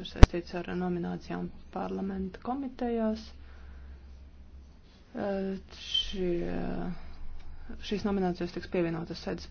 kas saistīts ar nominācijām parlamenta komitejās. Šie, šīs nominācijas tiks pievienotas sēdes